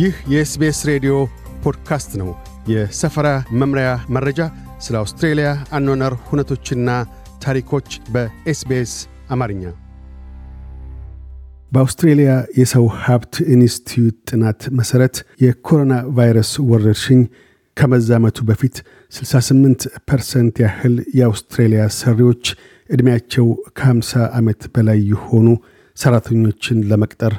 ይህ የኤስቤስ ሬዲዮ ፖድካስት ነው። የሰፈራ መምሪያ መረጃ፣ ስለ አውስትሬልያ አኗነር ሁነቶችና ታሪኮች በኤስቤስ አማርኛ። በአውስትሬልያ የሰው ሀብት ኢንስቲትዩት ጥናት መሠረት የኮሮና ቫይረስ ወረርሽኝ ከመዛመቱ በፊት 68 ፐርሰንት ያህል የአውስትሬልያ ሰሪዎች ዕድሜያቸው ከ50 ዓመት በላይ የሆኑ ሠራተኞችን ለመቅጠር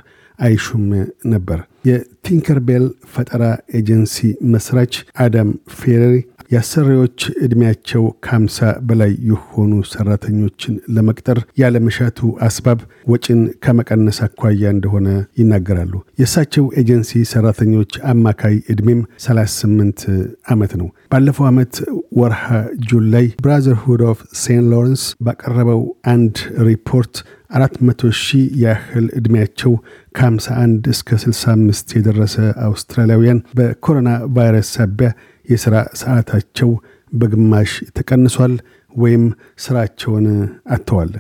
አይሹም ነበር። የቲንከርቤል ፈጠራ ኤጀንሲ መስራች አዳም ፌሬሪ የአሰሪዎች ዕድሜያቸው ከአምሳ በላይ የሆኑ ሰራተኞችን ለመቅጠር ያለመሻቱ አስባብ ወጪን ከመቀነስ አኳያ እንደሆነ ይናገራሉ። የእሳቸው ኤጀንሲ ሰራተኞች አማካይ ዕድሜም 38 ዓመት ነው። ባለፈው ዓመት ወርሃ ጁላይ ብራዘርሁድ ኦፍ ሴንት ሎረንስ ባቀረበው አንድ ሪፖርት አራት መቶ ሺህ ያህል ዕድሜያቸው ከ51 እስከ 65 የደረሰ አውስትራሊያውያን በኮሮና ቫይረስ ሳቢያ የሥራ ሰዓታቸው በግማሽ ተቀንሷል ወይም ሥራቸውን አጥተዋል።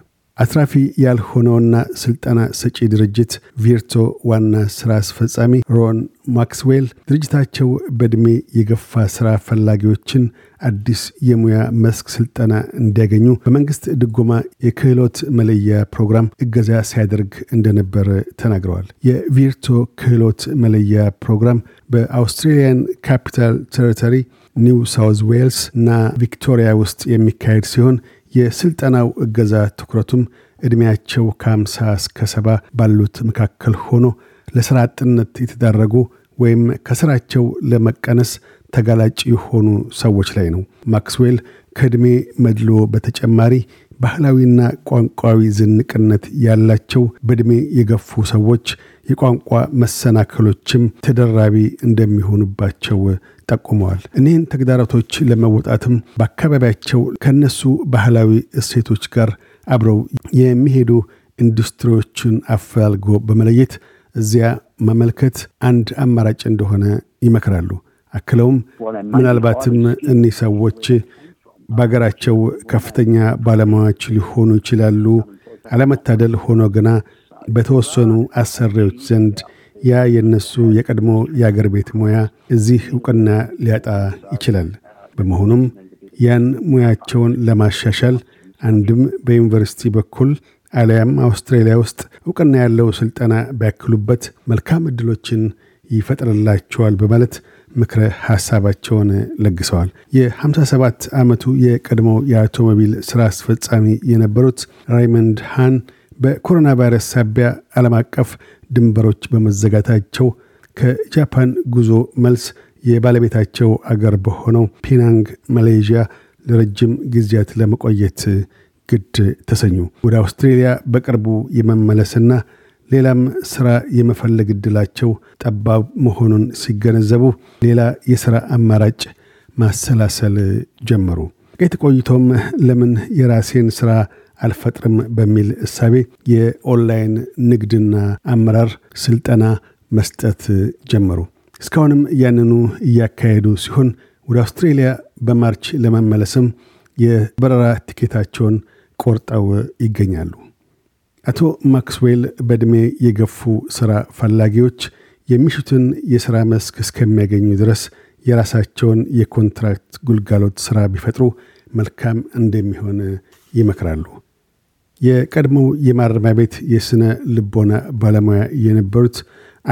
አትራፊ ያልሆነውና ስልጠና ሰጪ ድርጅት ቪርቶ ዋና ስራ አስፈጻሚ ሮን ማክስዌል ድርጅታቸው በእድሜ የገፋ ስራ ፈላጊዎችን አዲስ የሙያ መስክ ስልጠና እንዲያገኙ በመንግስት ድጎማ የክህሎት መለያ ፕሮግራም እገዛ ሲያደርግ እንደነበር ተናግረዋል። የቪርቶ ክህሎት መለያ ፕሮግራም በአውስትሬሊያን ካፒታል ቴሪተሪ ኒው ሳውዝ ዌልስ እና ቪክቶሪያ ውስጥ የሚካሄድ ሲሆን የስልጠናው እገዛ ትኩረቱም ዕድሜያቸው ከአምሳ እስከ ሰባ ባሉት መካከል ሆኖ ለሥራ አጥነት የተዳረጉ ወይም ከሥራቸው ለመቀነስ ተጋላጭ የሆኑ ሰዎች ላይ ነው። ማክስዌል ከዕድሜ መድሎ በተጨማሪ ባህላዊና ቋንቋዊ ዝንቅነት ያላቸው በእድሜ የገፉ ሰዎች የቋንቋ መሰናከሎችም ተደራቢ እንደሚሆኑባቸው ጠቁመዋል። እኒህን ተግዳሮቶች ለመወጣትም በአካባቢያቸው ከነሱ ባህላዊ እሴቶች ጋር አብረው የሚሄዱ ኢንዱስትሪዎችን አፈላልጎ በመለየት እዚያ ማመልከት አንድ አማራጭ እንደሆነ ይመክራሉ። አክለውም ምናልባትም እኒህ ሰዎች በሀገራቸው ከፍተኛ ባለሙያዎች ሊሆኑ ይችላሉ። አለመታደል ሆኖ ግና በተወሰኑ አሰሪዎች ዘንድ ያ የነሱ የቀድሞ የአገር ቤት ሙያ እዚህ እውቅና ሊያጣ ይችላል። በመሆኑም ያን ሙያቸውን ለማሻሻል አንድም በዩኒቨርስቲ በኩል አሊያም አውስትራሊያ ውስጥ እውቅና ያለው ስልጠና ቢያክሉበት መልካም ዕድሎችን ይፈጥርላቸዋል በማለት ምክረ ሐሳባቸውን ለግሰዋል። የ57 ዓመቱ የቀድሞ የአውቶሞቢል ሥራ አስፈጻሚ የነበሩት ራይመንድ ሃን በኮሮና ቫይረስ ሳቢያ ዓለም አቀፍ ድንበሮች በመዘጋታቸው ከጃፓን ጉዞ መልስ የባለቤታቸው አገር በሆነው ፒናንግ ማሌዥያ ለረጅም ጊዜያት ለመቆየት ግድ ተሰኙ። ወደ አውስትሬልያ በቅርቡ የመመለስና ሌላም ስራ የመፈለግ እድላቸው ጠባብ መሆኑን ሲገነዘቡ ሌላ የሥራ አማራጭ ማሰላሰል ጀመሩ። ጥቂት ቆይቶም ለምን የራሴን ሥራ አልፈጥርም በሚል እሳቤ የኦንላይን ንግድና አመራር ስልጠና መስጠት ጀመሩ። እስካሁንም ያንኑ እያካሄዱ ሲሆን ወደ አውስትሬልያ በማርች ለመመለስም የበረራ ቲኬታቸውን ቆርጠው ይገኛሉ። አቶ ማክስዌል በዕድሜ የገፉ ሥራ ፈላጊዎች የሚሹትን የሥራ መስክ እስከሚያገኙ ድረስ የራሳቸውን የኮንትራክት ጉልጋሎት ሥራ ቢፈጥሩ መልካም እንደሚሆን ይመክራሉ። የቀድሞው የማረሚያ ቤት የሥነ ልቦና ባለሙያ የነበሩት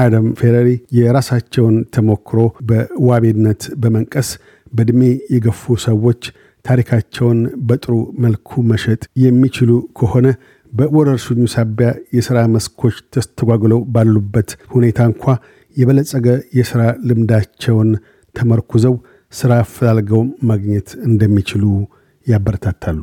አዳም ፌረሪ የራሳቸውን ተሞክሮ በዋቢነት በመንቀስ በዕድሜ የገፉ ሰዎች ታሪካቸውን በጥሩ መልኩ መሸጥ የሚችሉ ከሆነ በወረርሽኙ ሳቢያ የሥራ መስኮች ተስተጓጉለው ባሉበት ሁኔታ እንኳ የበለጸገ የሥራ ልምዳቸውን ተመርኩዘው ሥራ አፈላልገው ማግኘት እንደሚችሉ ያበረታታሉ።